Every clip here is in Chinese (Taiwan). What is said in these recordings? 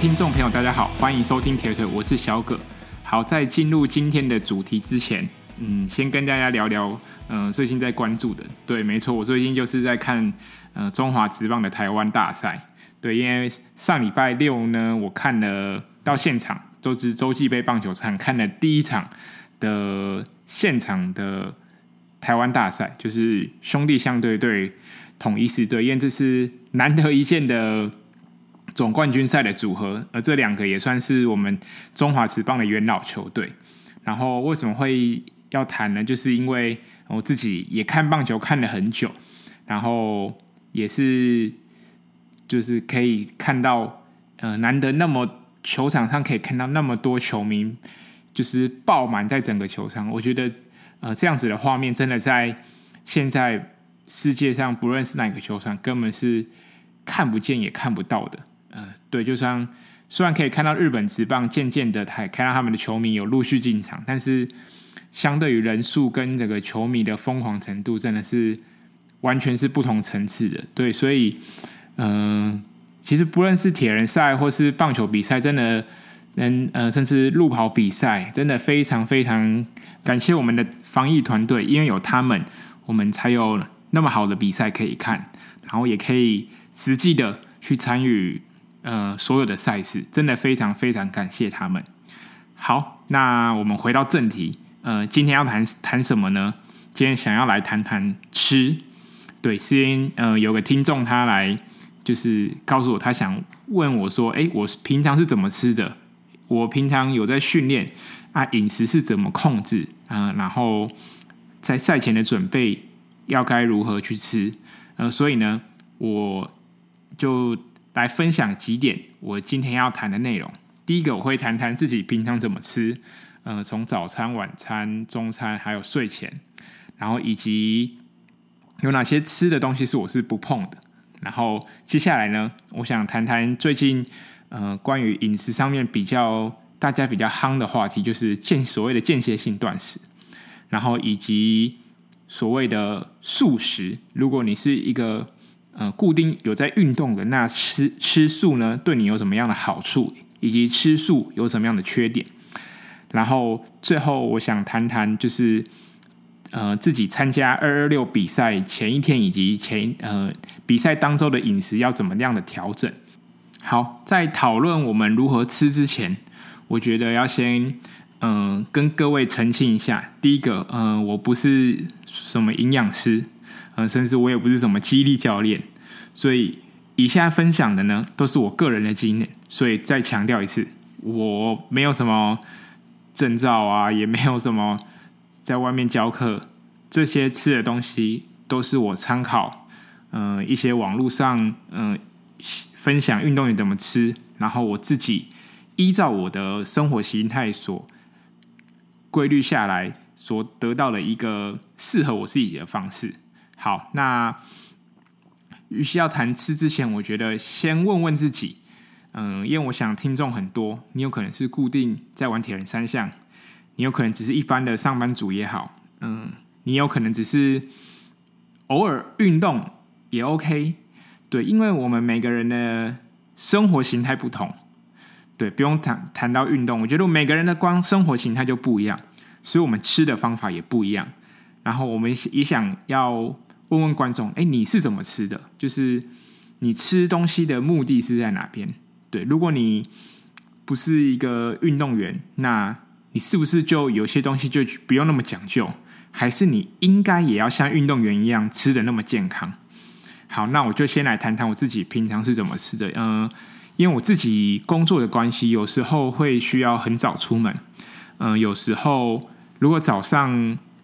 聽眾朋友，大家好，歡迎收聽鐵腿，我是小葛。好，在進入今天的主題之前，嗯，先跟大家聊聊，嗯、呃，最近在關注的。對，沒錯，我最近就是在看，嗯、呃，中華職棒的台灣大賽。對，因為上禮拜六呢，我看了到現場，就是洲際杯棒球場，看了第一場的現場的台灣大賽，就是兄弟象隊對統一獅隊，因為這是難得一見的總冠軍賽的組合，而這兩個也算是我們中華職棒的元老球隊。然後為什麼會要談呢？就是因為我自己也看棒球看了很久，然後也是就是可以看到，呃，難得那麼球場上可以看到那麼多球迷，就是爆滿在整個球場。我覺得，呃，這樣子的畫面真的在現在世界上，不論是哪個球場，根本是看不見也看不到的。呃，對，就像雖然可以看到日本職棒漸漸的，他看到他們的球迷有陸續進場，但是相對於人數跟這個球迷的瘋狂程度，真的是完全是不同層次的。對，所以，嗯、呃，其實不論是鐵人賽或是棒球比賽，真的，能呃，甚至路跑比賽，真的非常非常感謝我們的防疫團隊，因為有他們，我們才有那麼好的比賽可以看，然後也可以實際的去參與。呃，所有的賽事真的非常非常感謝他們。好，那我們回到正題，呃，今天要談談什麼呢？今天想要來談談吃。對，今天呃有個聽眾他來，就是告訴我他想問我說，欸，我平常是怎麼吃的？我平常有在訓練啊，飲食是怎麼控制啊？然後在賽前的準備要該如何去吃？呃，所以呢，我就。來分享幾點我今天要談的內容。第一個，我會談談自己平常怎麼吃，呃，從早餐、晚餐、中餐，還有睡前，然後以及有哪些吃的東西是我是不碰的。然後接下來呢，我想談談最近，呃，關於飲食上面比較大家比較夯的話題，就是間所謂的間歇性斷食，然後以及所謂的素食。如果你是一個嗯，固定有在運動的那吃吃素呢，對你有什麼樣的好處，以及吃素有什麼樣的缺點？然後最後我想談談，就是呃自己參加二二六比賽前一天以及前呃比賽當中的飲食要怎麼樣的調整？好，在討論我們如何吃之前，我覺得要先嗯、呃、跟各位澄清一下，第一個，嗯、呃，我不是什麼營養師。嗯、呃，甚至我也不是什麼肌力教練，所以以下分享的呢，都是我個人的經驗。所以再強調一次，我沒有什麼證照啊，也沒有什麼在外面教課。這些吃的東西都是我參考，嗯、呃，一些網絡上嗯、呃、分享運動員怎麼吃，然後我自己依照我的生活形態所規律下來，所得到的一個適合我自己的方式。好，那，於是要談吃之前，我覺得先問問自己，嗯，因為我想聽眾很多，你有可能是固定在玩鐵人三項，你有可能只是一般的上班族也好，嗯，你有可能只是偶爾運動也 OK，對，因為我們每個人的生活形態不同，對，不用談談到運動，我覺得每個人的光生活形態就不一樣，所以我們吃的方法也不一樣，然後我們也想要。問問觀眾，誒，你是怎麼吃的？就是你吃東西的目的是在哪邊？對，如果你不是一個運動員，那你是不是就有些東西就不用那麼講究？還是你應該也要像運動員一樣吃得那麼健康？好，那我就先來談談我自己平常是怎麼吃的。嗯、呃，因為我自己工作的關係，有時候會需要很早出門。嗯、呃，有時候如果早上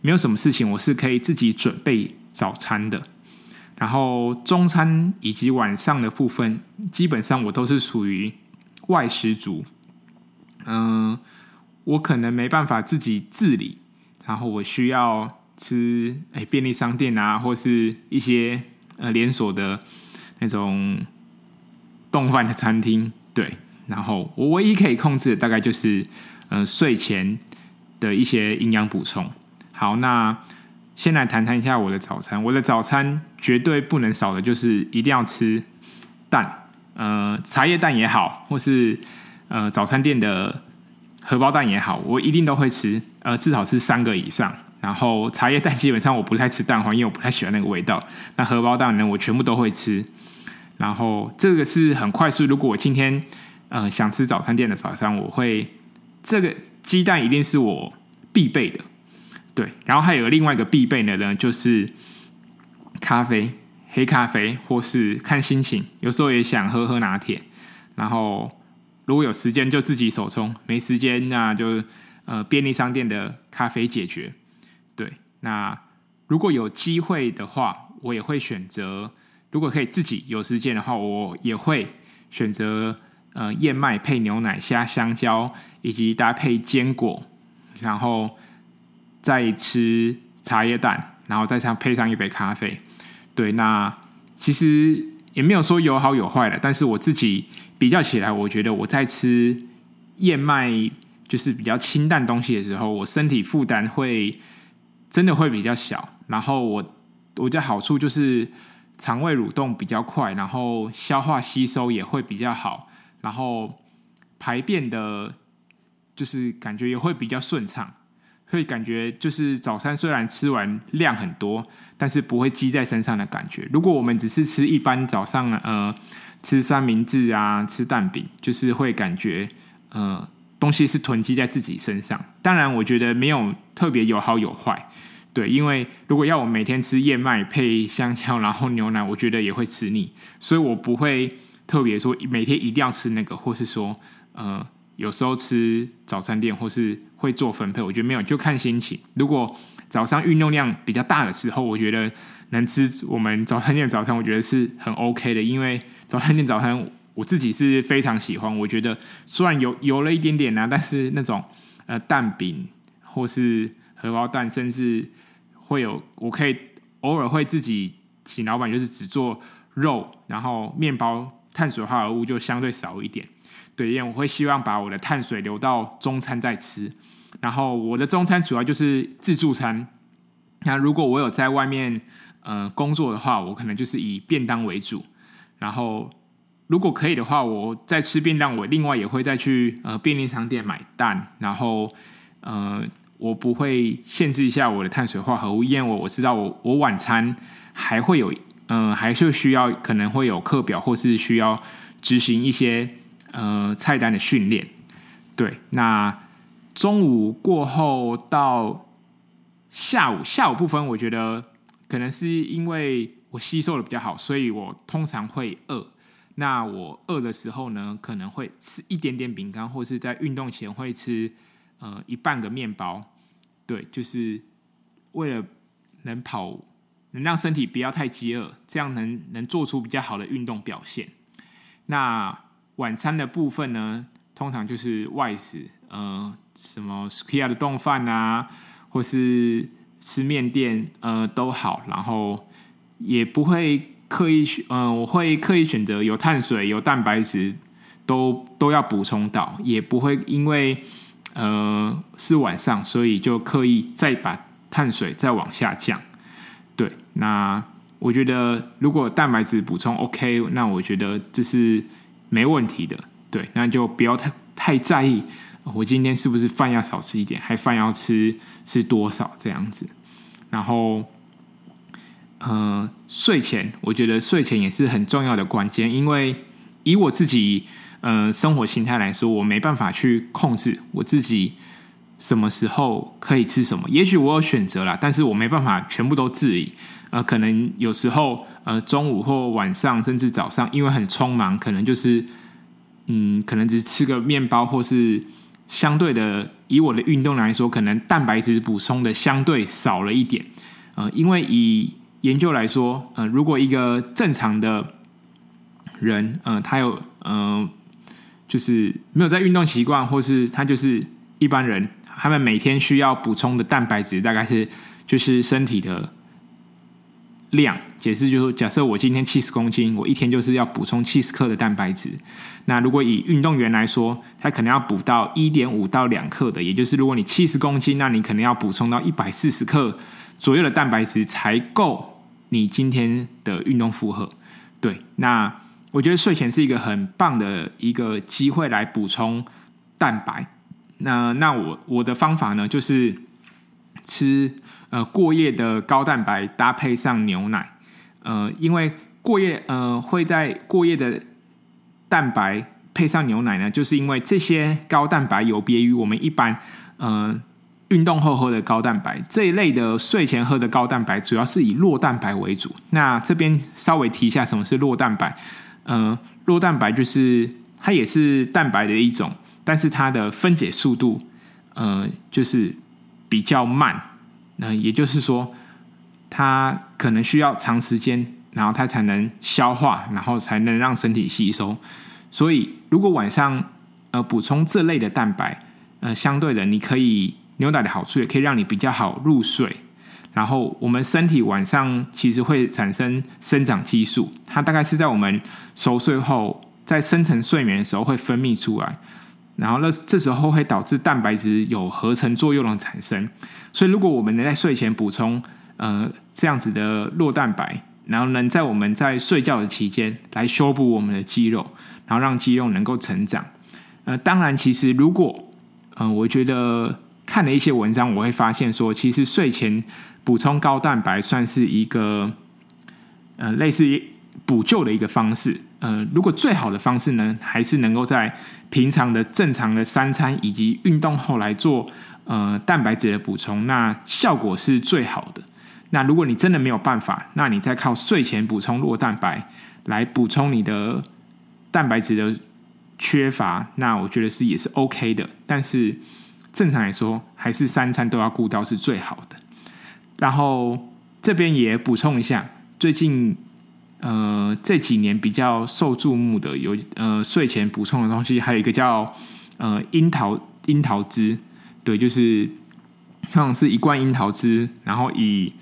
沒有什麼事情，我是可以自己準備。早餐的，然後中餐以及晚上的部分，基本上我都是屬於外食族。嗯、呃，我可能沒辦法自己自理，然後我需要吃哎便利商店啊，或是一些、呃、連鎖的那種，丼飯的餐廳。對，然後我唯一可以控制的大概就是嗯、呃、睡前的一些營養補充。好，那。先來談談一下我的早餐。我的早餐絕對不能少的，就是一定要吃蛋，呃，茶葉蛋也好，或是呃早餐店的荷包蛋也好，我一定都會吃，呃，至少是三個以上。然後茶葉蛋基本上我不太吃蛋黃，因為我不太喜歡那個味道。那荷包蛋呢，我全部都會吃。然後這個是很快速，如果我今天呃想吃早餐店的早餐，我會，這個雞蛋一定是我必備的。對，然後還有另外一個必備的呢，就是咖啡，黑咖啡或是看心情，有時候也想喝喝拿鐵。然後如果有時間就自己手沖，沒時間那就呃便利商店的咖啡解決。對，那如果有機會的話，我也會選擇；如果可以自己有時間的話，我也會選擇呃燕麥配牛奶加香蕉，以及搭配堅果，然後。再吃茶葉蛋，然後再上配上一杯咖啡。對，那其實也沒有說有好有壞的，但是我自己比較起來，我覺得我在吃燕麥，就是比較清淡東西的時候，我身體負擔會真的會比較小。然後我我覺得好處就是腸胃蠕動比較快，然後消化吸收也會比較好，然後排便的，就是感覺也會比較順暢。會感覺就是早餐雖然吃完量很多，但是不會積在身上的感覺。如果我們只是吃一般早上，呃，吃三明治啊，吃蛋餅，就是會感覺呃，東西是囤積在自己身上。當然，我覺得沒有特別有好有壞，對，因為如果要我每天吃燕麥配香蕉然後牛奶，我覺得也會吃膩，所以我不會特別說每天一定要吃那個，或是說呃。有時候吃早餐店或是會做分配，我覺得沒有，就看心情。如果早上運動量比較大的時候，我覺得能吃我們早餐店早餐，我覺得是很 OK 的。因為早餐店早餐我自己是非常喜歡。我覺得雖然油油了一點點吶、啊，但是那種呃蛋餅或是荷包蛋，甚至會有我可以偶爾會自己請老闆，就是只做肉，然後麵包碳水化合物就相對少一點。對，因為我會希望把我的碳水留到中餐再吃，然後我的中餐主要就是自助餐。那如果我有在外面呃工作的話，我可能就是以便當為主。然後如果可以的話，我在吃便當，我另外也會再去呃便利商店買蛋。然後呃，我不會限制一下我的碳水化合物，因為我我知道我我晚餐還會有嗯、呃，還是需要可能會有課表或是需要執行一些。呃，菜單的訓練，對。那中午過後到下午，下午部分我覺得可能是因為我吸收得比較好，所以我通常會餓。那我餓的時候呢，可能會吃一點點餅乾，或者是在運動前會吃呃一半個麵包。對，就是為了能跑，能讓身體不要太飢餓，這樣能能做出比較好的運動表現。那。晚餐的部分呢，通常就是外食，呃，什麼 Sukiya 的丼飯啊，或是吃麵店，呃，都好。然後也不會刻意，嗯、呃，我會刻意選擇有碳水、有蛋白質都，都都要補充到，也不會因為呃是晚上，所以就刻意再把碳水再往下降。對，那我覺得如果蛋白質補充 OK，那我覺得這是。沒問題的，對，那就不要太太在意，哦，我今天是不是飯要少吃一點，還飯要吃吃多少這樣子。然後，嗯、呃，睡前我覺得睡前也是很重要的關鍵，因為以我自己嗯、呃、生活形態來說，我沒辦法去控制我自己什麼時候可以吃什麼。也許我有選擇啦，但是我沒辦法全部都自理。呃，可能有時候，呃，中午或晚上，甚至早上，因為很匆忙，可能就是，嗯，可能只是吃個麵包，或是相對的，以我的運動來說，可能蛋白質補充的相對少了一點。呃，因為以研究來說，呃，如果一個正常的人，呃，他有，呃，就是沒有在運動習慣，或是他就是一般人，他們每天需要補充的蛋白質大概是，就是身體的。量解釋說就是假設我今天七十公斤，我一天就是要補充七十克的蛋白質。那如果以運動員來說，他可能要補到一點五到兩克的，也就是如果你七十公斤，那你可能要補充到一百四十克左右的蛋白質才夠你今天的運動負荷。對，那我覺得睡前是一個很棒的一個機會來補充蛋白。那那我我的方法呢，就是吃。呃，過夜的高蛋白搭配上牛奶，呃，因為過夜呃會在過夜的蛋白配上牛奶呢，就是因為這些高蛋白有別於我們一般呃運動後喝的高蛋白這一類的睡前喝的高蛋白，主要是以酪蛋白為主。那這邊稍微提一下什麼是酪蛋白，呃，酪蛋白就是它也是蛋白的一種，但是它的分解速度呃就是比較慢。那、呃、也就是說，它可能需要長時間，然後它才能消化，然後才能讓身體吸收。所以，如果晚上呃補充這類的蛋白，呃，相對的，你可以牛奶的好處也可以讓你比較好入睡。然後，我們身體晚上其實會產生生長激素，它大概是在我們熟睡後，在深層睡眠的時候會分泌出來。然後那這時候會導致蛋白質有合成作用的產生，所以如果我們能在睡前補充呃這樣子的酪蛋白，然後能在我們在睡覺的期間來修補我們的肌肉，然後讓肌肉能夠成長。呃，當然，其實如果嗯、呃，我覺得看了一些文章，我會發現說，其實睡前補充高蛋白算是一個、呃、類似於補救的一個方式。呃，如果最好的方式呢，還是能夠在平常的正常的三餐以及運動後來做呃蛋白質的補充，那效果是最好的。那如果你真的沒有辦法，那你再靠睡前補充弱蛋白來補充你的蛋白質的缺乏，那我覺得是也是 OK 的。但是正常來說，還是三餐都要顧到是最好的。然後這邊也補充一下，最近。呃，這幾年比較受注目的有呃睡前補充的東西，還有一個叫呃櫻桃櫻桃汁，對，就是像是一罐櫻桃汁，然後以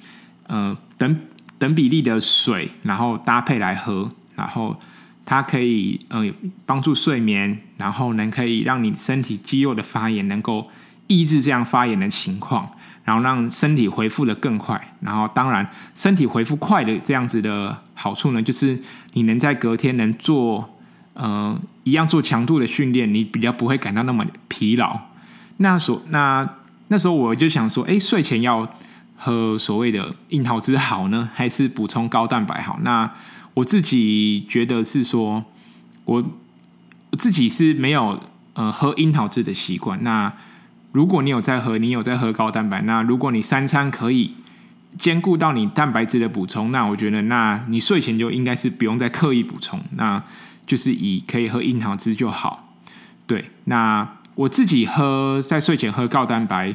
呃等等比例的水，然後搭配來喝，然後它可以呃幫助睡眠，然後能可以讓你身體肌肉的發炎能夠抑制這樣發炎的情況。然後讓身體恢復得更快，然後當然身體恢復快的這樣子的好處呢，就是你能在隔天能做，嗯、呃，一樣做強度的訓練，你比較不會感到那麼疲勞。那時候，那那時候我就想說，哎，睡前要喝所謂的櫻桃汁好呢？還是補充高蛋白好？那我自己覺得是說，我，我自己是沒有呃喝櫻桃汁的習慣。那如果你有在喝，你有在喝高蛋白，那如果你三餐可以兼顧到你蛋白質的補充，那我覺得，那你睡前就應該是不用再刻意補充，那就是以可以喝櫻桃汁就好。對，那我自己喝在睡前喝高蛋白，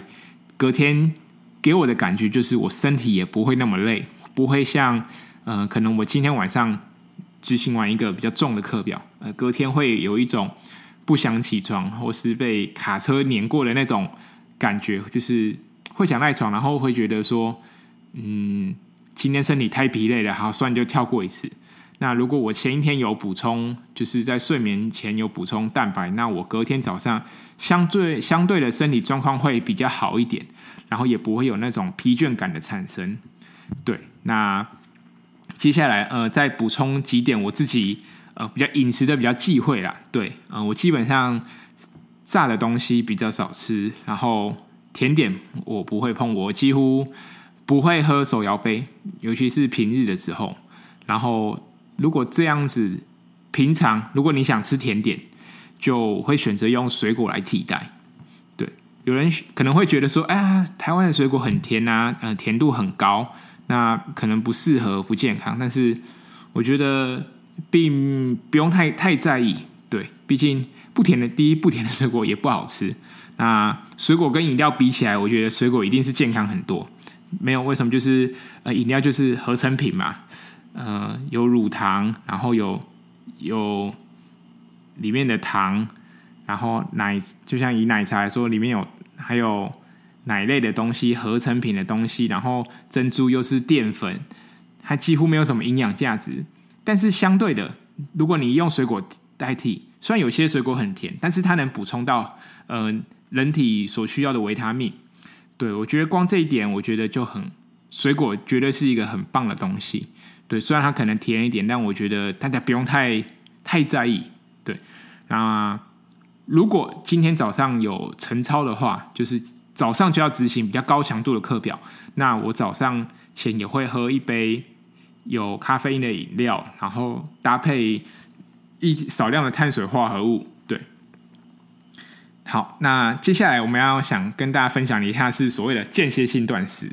隔天給我的感覺就是我身體也不會那麼累，不會像，呃，可能我今天晚上執行完一個比較重的課表，呃，隔天會有一種。不想起床，或是被卡車碾過的那種感覺，就是會想賴床，然後會覺得說，嗯，今天身體太疲累了，好，算了就跳過一次。那如果我前一天有補充，就是在睡眠前有補充蛋白，那我隔天早上相對相對的身體狀況會比較好一點，然後也不會有那種疲倦感的產生。對，那接下來呃，再補充幾點我自己。呃，比較飲食的比較忌諱啦，對，嗯、呃，我基本上炸的東西比較少吃，然後甜點我不會碰，我幾乎不會喝手搖杯，尤其是平日的時候。然後如果這樣子平常，如果你想吃甜點，就會選擇用水果來替代。對，有人可能會覺得說，哎呀，台灣的水果很甜吶、啊呃，甜度很高，那可能不適合、不健康，但是我覺得。並不用太太在意，對，畢竟不甜的第一不甜的水果也不好吃。那水果跟飲料比起來，我覺得水果一定是健康很多。沒有為什麼，就是呃，飲料就是合成品嘛，呃，有乳糖，然後有有裡面的糖，然後奶就像以奶茶來說，裡面有還有奶類的東西、合成品的東西，然後珍珠又是澱粉，它幾乎沒有什麼營養價值。但是相對的，如果你用水果代替，雖然有些水果很甜，但是它能補充到嗯、呃、人體所需要的維他命。對，我覺得光這一點，我覺得就很，水果絕對是一個很棒的東西。對，雖然它可能甜一點，但我覺得大家不用太太在意。對，那如果今天早上有晨操的話，就是早上就要執行比較高強度的課表，那我早上前也會喝一杯有咖啡因的飲料，然後搭配一少量的碳水化合物，對。好，那接下來我們要想跟大家分享一下，是所謂的間歇性斷食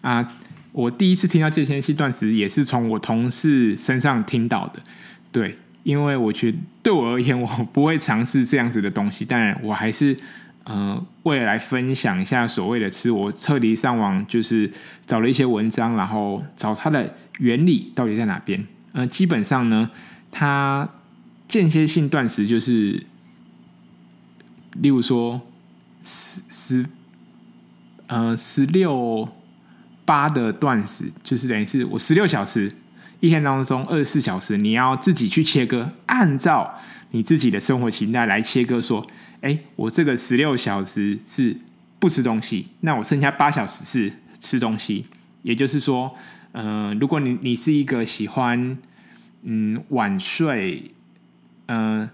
啊，呃。我第一次聽到間歇性斷食也是從我同事身上聽到的，對。因為我覺得對我而言，我不會嘗試這樣子的東西，當然我還是。呃，為了來分享一下所謂的吃，我特地上網就是找了一些文章，然後找它的原理到底在哪邊。呃，基本上呢，它間歇性斷食就是，例如說十十呃十六八的斷食，就是等於是我十六小時，一天當中二十四小時，你要自己去切割，按照你自己的生活形態來切割說。哎，我這個十六小時是不吃東西，那我剩下八小時是吃東西。也就是說，嗯、呃，如果你你是一個喜歡嗯晚睡、呃，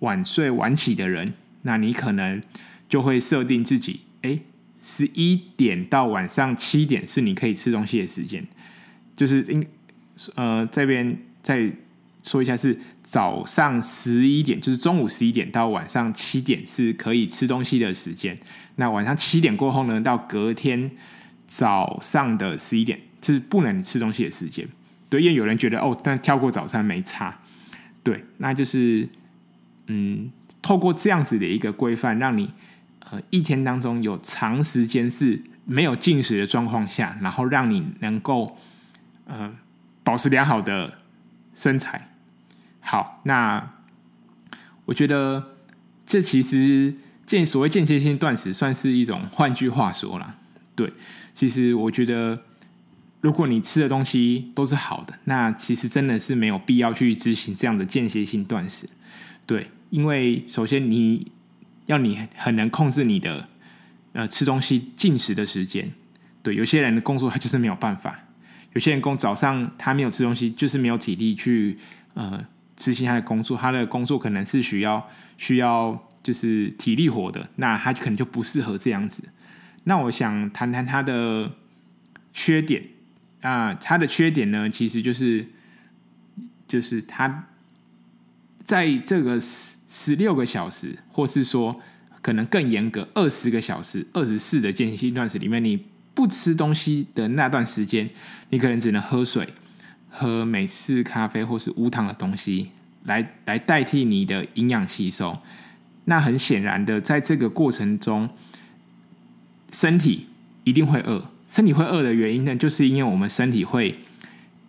晚睡晚起的人，那你可能就會設定自己，哎，十一點到晚上七點是你可以吃東西的時間。就是，呃，這邊再說一下是。早上十一點，就是中午十一點到晚上七點，是可以吃東西的時間。那晚上七點過後呢，到隔天早上的十一點，就是不能吃東西的時間。對，因為有人覺得哦，但跳過早餐沒差。對，那就是嗯，透過這樣子的一個規範，讓你呃一天當中有長時間是沒有進食的狀況下，然後讓你能夠呃保持良好的身材。好，那我覺得這其實間所謂間歇性斷食算是一種，換句話說啦，對。其實我覺得，如果你吃的東西都是好的，那其實真的是沒有必要去執行這樣的間歇性斷食。對，因為首先你要你很能控制你的呃吃東西進食的時間。對，有些人的工作他就是沒有辦法，有些人工早上他沒有吃東西，就是沒有體力去呃。執行他的工作，他的工作可能是需要需要就是體力活的，那他可能就不適合這樣子。那我想談談他的缺點。啊、呃，他的缺點呢，其實就是就是他在這個十十六個小時，或是說可能更嚴格二十個小時、二十四的間歇性斷食裡面，你不吃東西的那段時間，你可能只能喝水。喝美式咖啡或是無糖的東西，來來代替你的營養吸收。那很顯然的，在這個過程中，身體一定會餓。身體會餓的原因呢，就是因為我們身體會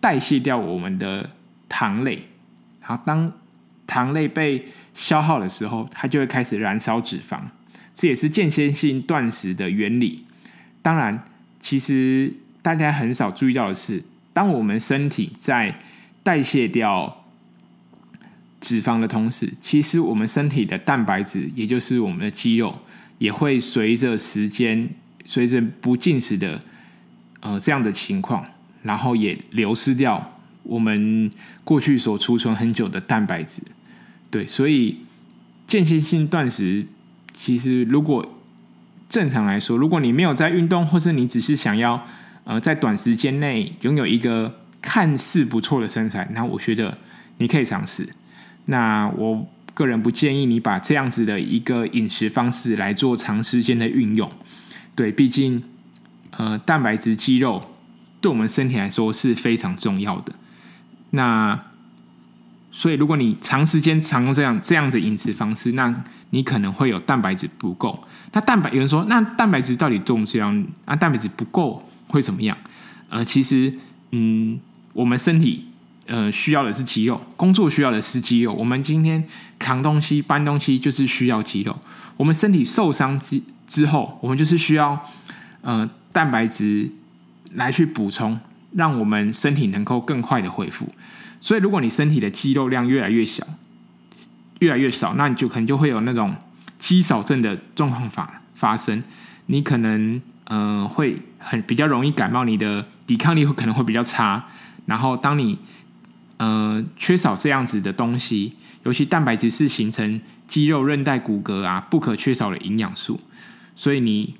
代謝掉我們的糖類。好，當糖類被消耗的時候，它就會開始燃燒脂肪。這也是間歇性斷食的原理。當然，其實大家很少注意到的是，當我們身體在代謝掉脂肪的同時，其實我們身體的蛋白質，也就是我們的肌肉，也會隨着時間，隨着不進食的呃這樣的情況，然後也流失掉我們過去所儲存很久的蛋白質。對，所以間歇性斷食，其實如果正常來說，如果你沒有在運動，或是你只是想要。呃，在短時間內擁有一個看似不錯的身材，那我覺得你可以嘗試。那我個人不建議你把這樣子的一個飲食方式來做長時間的運用。對，畢竟呃蛋白質肌肉對我們身體來說是非常重要的。那所以如果你長時間常用這樣這樣的飲食方式，那你可能會有蛋白質不夠。那蛋白有人說，那蛋白質到底重不重要？那、啊、蛋白質不夠。會怎麼樣？呃，其實，嗯，我們身體呃需要的是肌肉，工作需要的是肌肉。我們今天扛東西、搬東西，就是需要肌肉。我們身體受傷之之後，我們就是需要呃蛋白質來去補充，讓我們身體能夠更快的恢復。所以，如果你身體的肌肉量越來越小、越來越少，那你就可能就會有那種肌少症的狀況發發生。你可能呃，會。很比較容易感冒，你的抵抗力會可能會比較差。然後當你嗯、呃、缺少這樣子的東西，尤其蛋白質是形成肌肉、韌帶、骨骼啊不可缺少的營養素，所以你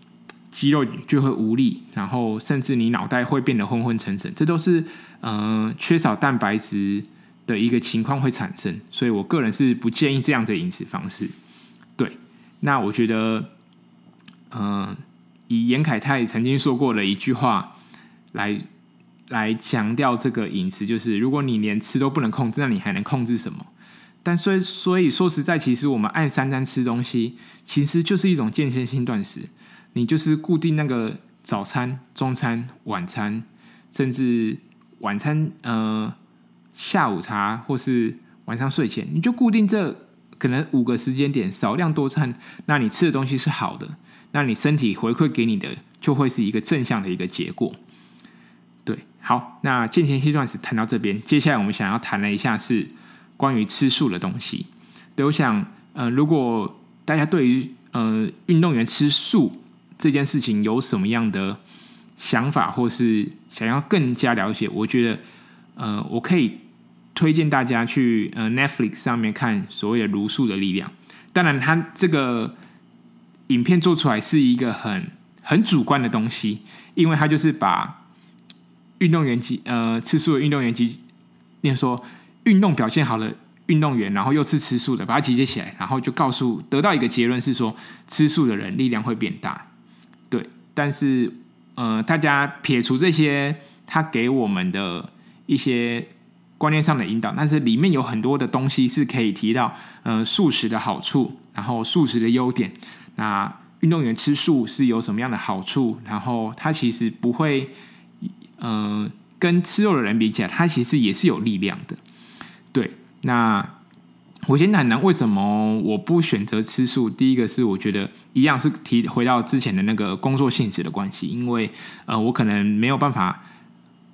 肌肉就會無力，然後甚至你腦袋會變得昏昏沉沉。這都是嗯、呃、缺少蛋白質的一個情況會產生。所以我個人是不建議這樣子的飲食方式。對，那我覺得嗯。呃以嚴凱泰曾經說過的一句話來來強調這個飲食，就是如果你連吃都不能控制，那你還能控制什麼？但所以所以說實在，其實我們按三餐吃東西，其實就是一種間歇性斷食。你就是固定那個早餐、中餐、晚餐，甚至晚餐呃下午茶或是晚上睡前，你就固定這可能五個時間點少量多餐，那你吃的東西是好的。那你身體回饋給你的就會是一個正向的一個結果，對，好，那間歇性斷食談到這邊，接下來我們想要談了一下是關於吃素的東西。對，我想，呃，如果大家對於呃運動員吃素這件事情有什麼樣的想法，或是想要更加了解，我覺得，呃，我可以推薦大家去呃 Netflix 上面看所謂的《茹素的力量》，當然，它這個。影片做出來是一個很很主觀的東西，因為它就是把運動員集呃吃素的運動員集，例如說運動表現好的運動員，然後又吃吃素的，把它集結起來，然後就告訴得到一個結論是說吃素的人力量會變大。對，但是呃，大家撇除這些他給我們的一些觀念上的引導，但是裡面有很多的東西是可以提到呃素食的好處，然後素食的優點。那運動員吃素是有什麼樣的好處？然後他其實不會，嗯、呃，跟吃肉的人比起來，他其實也是有力量的。對，那我先坦白，為什麼我不選擇吃素？第一個是我覺得一樣是提回到之前的那個工作性質的關係，因為呃，我可能沒有辦法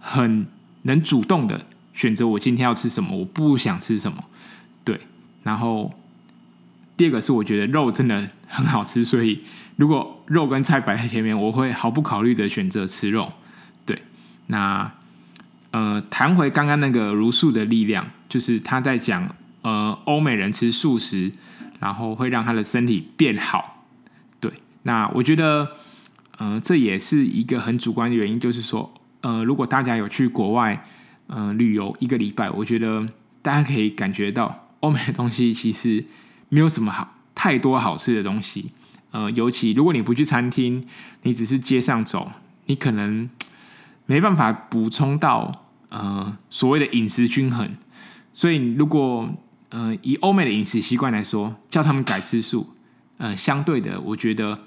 很能主動的選擇我今天要吃什麼，我不想吃什麼。對，然後。第二個是我覺得肉真的很好吃，所以如果肉跟菜擺在前面，我會毫不考慮的選擇吃肉。對，那呃，談回剛剛那個茹素的力量，就是他在講呃，歐美人吃素食，然後會讓他的身體變好。對，那我覺得呃，這也是一個很主觀的原因，就是說呃，如果大家有去國外嗯、呃、旅遊一個禮拜，我覺得大家可以感覺到歐美的東西其實。沒有什麼好太多好吃的東西，呃，尤其如果你不去餐廳，你只是街上走，你可能沒辦法補充到呃所謂的飲食均衡。所以，如果呃以歐美的飲食習慣來說，叫他們改吃素，呃，相對的，我覺得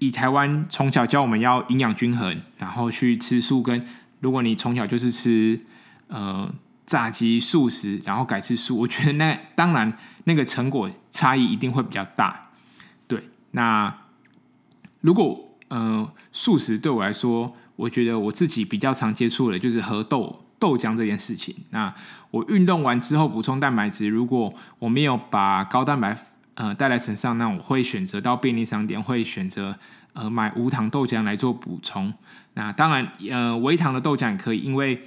以台灣從小教我們要營養均衡，然後去吃素跟，跟如果你從小就是吃，呃。炸雞、速食，然後改吃素，我覺得那當然那個成果差異一定會比較大。對，那如果呃素食對我來說，我覺得我自己比較常接觸的，就是喝豆豆漿這件事情。那我運動完之後補充蛋白質，如果我沒有把高蛋白呃帶來身上，那我會選擇到便利商店，會選擇呃買無糖豆漿來做補充。那當然，呃，微糖的豆漿也可以，因為。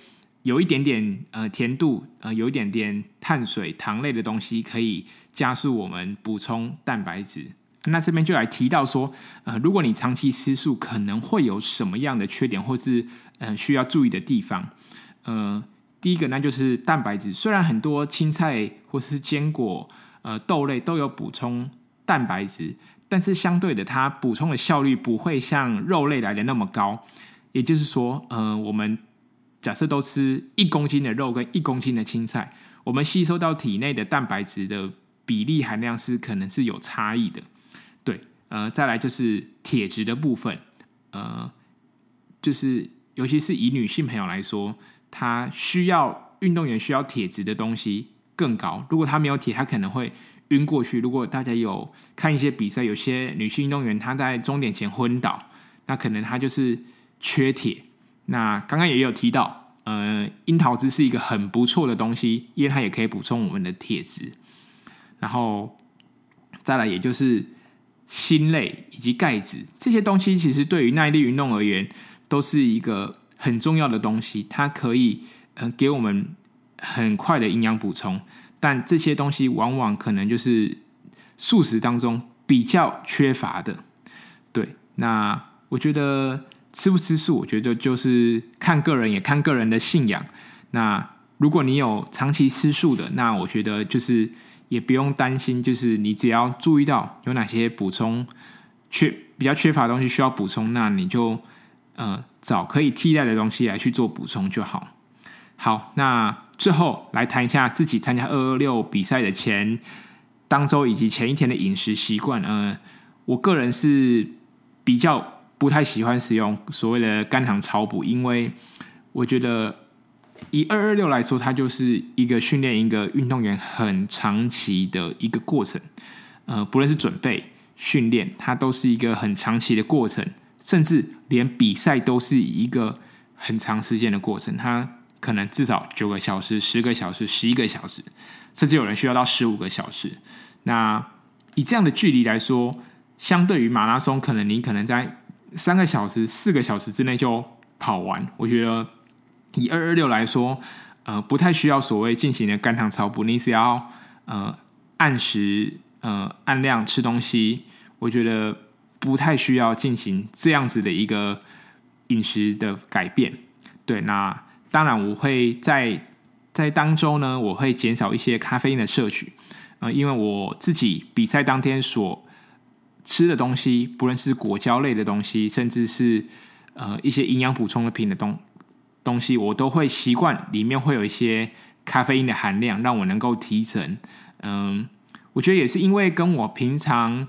有一點點呃甜度，呃有一點點碳水糖類的東西可以加速我們補充蛋白質。那這邊就來提到說，呃如果你長期吃素，可能會有什麼樣的缺點或是嗯、呃、需要注意的地方？呃，第一個那就是蛋白質，雖然很多青菜或是堅果、呃豆類都有補充蛋白質，但是相對的它補充的效率不會像肉類來的那麼高。也就是說，呃我們。假設都吃一公斤的肉跟一公斤的青菜，我們吸收到體內的蛋白質的比例含量是可能是有差異的。對，呃，再來就是鐵質的部分，呃，就是尤其是以女性朋友來說，她需要運動員需要鐵質的東西更高。如果她沒有鐵，她可能會暈過去。如果大家有看一些比賽，有些女性運動員她在終點前昏倒，那可能她就是缺鐵。那剛剛也有提到，呃，櫻桃汁是一個很不錯的東西，因為它也可以補充我們的鐵質。然後再來，也就是鋅類以及鈣質這些東西，其實對於耐力運動而言，都是一個很重要的東西。它可以，呃，給我們很快的營養補充，但這些東西往往可能就是素食當中比較缺乏的。對，那我覺得。吃不吃素，我覺得就是看個人，也看個人的信仰。那如果你有長期吃素的，那我覺得就是也不用擔心，就是你只要注意到有哪些補充，缺，比較缺乏的東西需要補充，那你就呃找可以替代的東西來去做補充就好。好，那最後來談一下自己參加二二六比賽的前當周以及前一天的飲食習慣。嗯、呃，我個人是比較。不太喜歡使用所謂的肝糖超補，因為我覺得以二二六來說，它就是一個訓練一個運動員很長期的一個過程。呃，不論是準備、訓練，它都是一個很長期的過程，甚至連比賽都是一個很長時間的過程。它可能至少九個小時、十個小時、十一個小時，甚至有人需要到十五個小時。那以這樣的距離來說，相對於馬拉松，可能你可能在三個小時、四個小時之內就跑完，我覺得以二二六來說，呃，不太需要所謂進行的肝糖超補，你是要呃按時、呃按量吃東西，我覺得不太需要進行這樣子的一個飲食的改變。對，那當然我會在在當週呢，我會減少一些咖啡因的攝取，呃，因為我自己比賽當天所。吃的東西，不論是果膠類的東西，甚至是呃一些營養補充的品的東東西，我都會習慣裡面會有一些咖啡因的含量，讓我能夠提神。嗯，我覺得也是因為跟我平常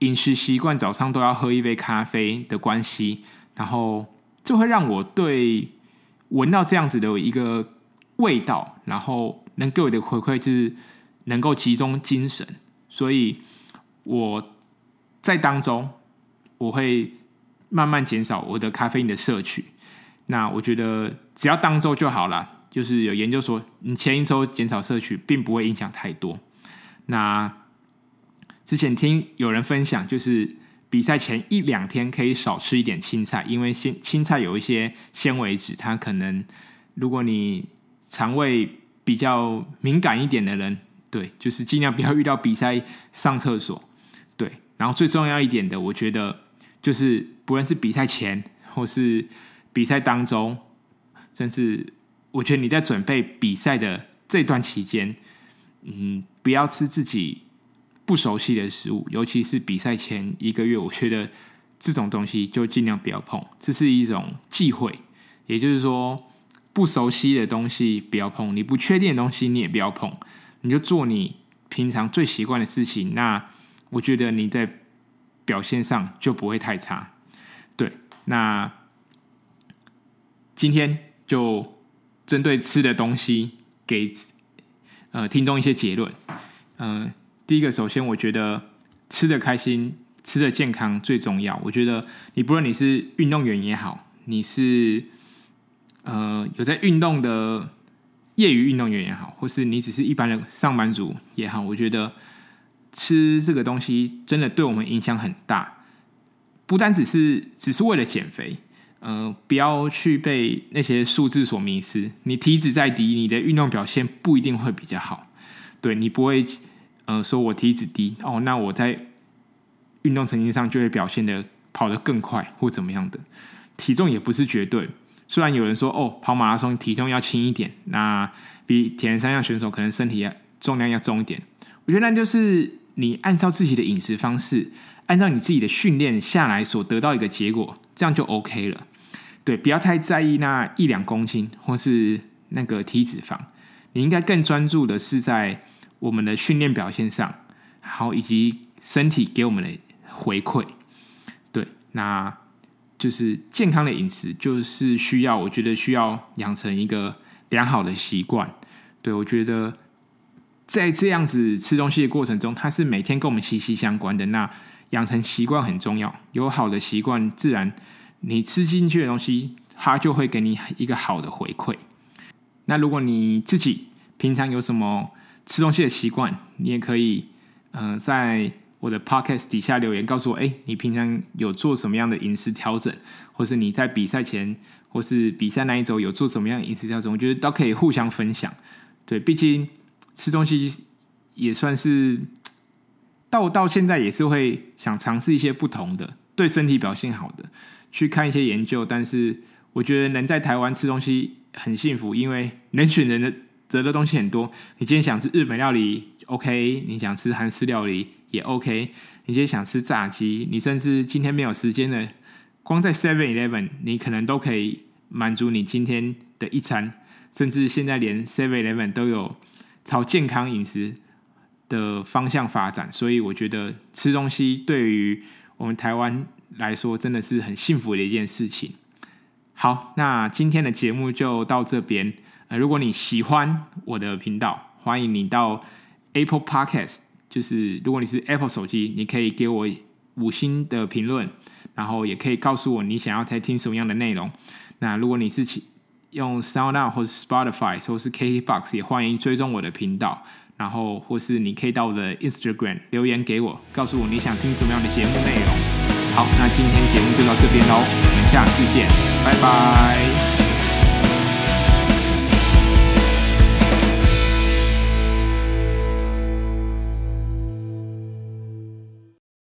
飲食習慣，早上都要喝一杯咖啡的關係，然後就會讓我對聞到這樣子的一個味道，然後能給我的回饋就是能夠集中精神，所以我。在當中，我會慢慢減少我的咖啡因的攝取。那我覺得只要當週就好了。就是有研究說，你前一周減少攝取，並不會影響太多。那之前聽有人分享，就是比賽前一兩天可以少吃一點青菜，因為青青菜有一些纖維質，它可能如果你腸胃比較敏感一點的人，對，就是儘量不要遇到比賽上廁所，對。然後最重要一點的，我覺得就是，不論是比賽前，或是比賽當中，甚至我覺得你在準備比賽的這段期間，嗯，不要吃自己不熟悉的食物，尤其是比賽前一個月，我覺得這種東西就儘量不要碰，這是一種忌諱。也就是說，不熟悉的東西不要碰，你不確定的東西你也不要碰，你就做你平常最習慣的事情。那我覺得你在表現上就不會太差。對，那今天就針對吃的東西給呃聽眾一些結論。嗯、呃，第一個，首先我覺得吃的開心、吃的健康最重要。我覺得你不論你是運動員也好，你是呃有在運動的業餘運動員也好，或是你只是一般的上班族也好，我覺得。吃這個東西真的對我們影響很大，不單只是只是為了減肥。嗯，不要去被那些數字所迷失。你體脂再低，你的運動表現不一定會比較好。對，你不會，呃，說我體脂低哦，那我在運動成績上就會表現得跑得更快或怎麼樣的。體重也不是絕對，雖然有人說哦，跑馬拉松體重要輕一點，那比鐵人三項選手可能身體要重量要重一點。我覺得那就是。你按照自己的飲食方式，按照你自己的訓練下來所得到一個結果，這樣就 OK 了。對，不要太在意那一兩公斤或是那個體脂肪，你應該更專注的是在我們的訓練表現上，好，以及身體給我們的回饋。對，那就是健康的飲食，就是需要，我覺得需要養成一個良好的習慣。對，我覺得。在這樣子吃東西的過程中，它是每天跟我們息息相關的。那養成習慣很重要，有好的習慣，自然你吃進去的東西，它就會給你一個好的回饋。那如果你自己平常有什麼吃東西的習慣，你也可以，嗯、呃，在我的 podcast 底下留言告訴我，哎、欸，你平常有做什麼樣的飲食調整，或是你在比賽前或是比賽那一周有做什麼樣的飲食調整，我覺得都可以互相分享。對，畢竟。吃東西也算是到到現在也是會想嘗試一些不同的，對身體表現好的，去看一些研究。但是我覺得能在台灣吃東西很幸福，因為能選人的擇的東西很多。你今天想吃日本料理，OK；你想吃韓式料理也 OK。你今天想吃炸雞，你甚至今天沒有時間的，光在 Seven Eleven 你可能都可以滿足你今天的一餐。甚至現在連 Seven Eleven 都有。朝健康飲食的方向發展，所以我覺得吃東西對於我們台灣來說真的是很幸福的一件事情。好，那今天的節目就到這邊。呃，如果你喜歡我的頻道，歡迎你到 Apple Podcast，就是如果你是 Apple 手機，你可以給我五星的評論，然後也可以告訴我你想要再聽什麼樣的內容。那如果你是其用 SoundOn 或是 Spotify，或是 KKBox 也歡迎追蹤我的頻道。然後，或是你可以到我的 Instagram 留言給我，告訴我你想聽什麼樣的節目內容。好，那今天節目就到這邊嘍，我們下次見，拜拜。